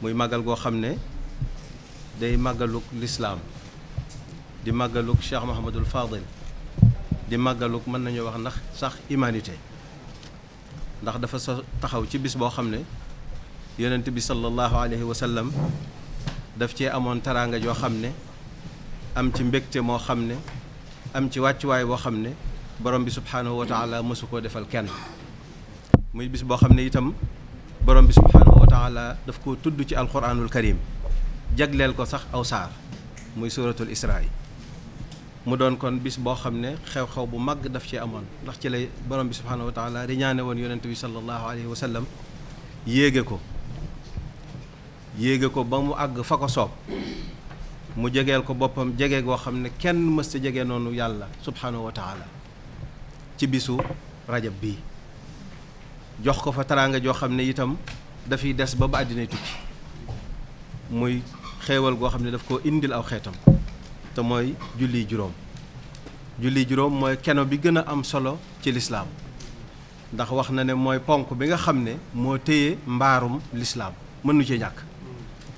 muy màggal goo xam ne day màggaluk lislaam di màggaluk Cheikh Mouhamadul Fadil di màggaluk mën nañu wax ndax sax humanité ndax dafa sa taxaw ci bis boo xam ne yonent bi sallallahu alayhi wa sallam daf cee amoon taraanga joo xam ne am ci mbégte moo xam ne am ci wàccuwaay boo xam ne borom bi subhaanahu wa taala mësu koo defal kenn muy bis boo xam ne itam taala daf ko tudd ci alquranul karim jagleel ko sax aw saar muy suratul isra mu doon kon bis boo xam ne xew-xew bu mag daf ci amoon ndax ci lay borom bi subhaanahu wa taala di ñaane woon yonent bi sallallahu alayhi wa sallam yéege ko yéege ko ba mu àgg fa ko soob mu jegeel ko boppam jege goo xam ne kenn mës ta jege noonu yàlla subhaanahu wa taala ci bisu rajab bii jox ko fa taraanga joo xam ne itam dafi des ba ba àddinay tukki muy xewal go xam daf ko indil aw xetam te moy julli jurom julli jurom moy keno bi gëna am solo ci l'islam ndax wax na ne moy ponk bi nga xamne mo téye mbarum l'islam mënu ci ñak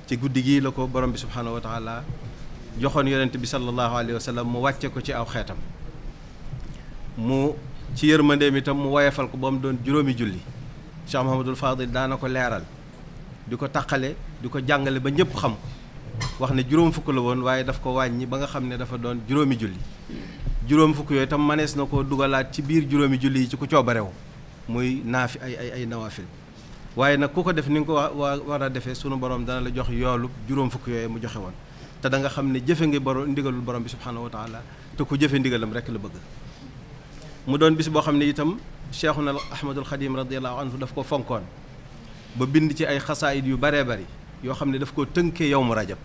ci guddi gii la borom bi subhanahu wa taala joxon yonent bi sallallahu alayhi wa sallam mu wàcce ko ci aw xetam mu ci yermande mi tam mu wayefal ko bam don juromi julli Cheikh Mouhamadul Fadil daana ko leeral di ko taqale jàngale ba ñëpp xam wax ne juróom fukk la won waye daf ko wañi ba nga xam ne dafa doon juróomi julli juróom fukk yoy tam manes nako dugalat ci bir juróomi julli ci ku coobarew muy nafi ay ay ay nawafil waye nak ku ko def ni ko wara defé sunu borom dana la jox yoolu juróom fukk yoy mu joxe won te da nga xam ne jëfe nga borom ndigalul borom bi subhanahu wa taala te ku jëfe ndigalam rek la bëgg mu doon bis bo xam itam شيخنا احمد الخديم رضي الله عنه داكو فونكون با بيند سي اي خصائد يو باري باري يو خامني داكو تنكي يوم رجب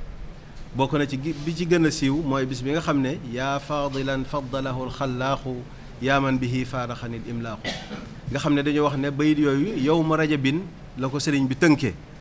بوكنا سي بي سي غنا سيو موي بيس بيغا خامني يا فاضلا فضله الخلاق يا من به فارخني الاملاق غا خامني دانيو واخني يوم رجبين لاكو سيرين بي تنكي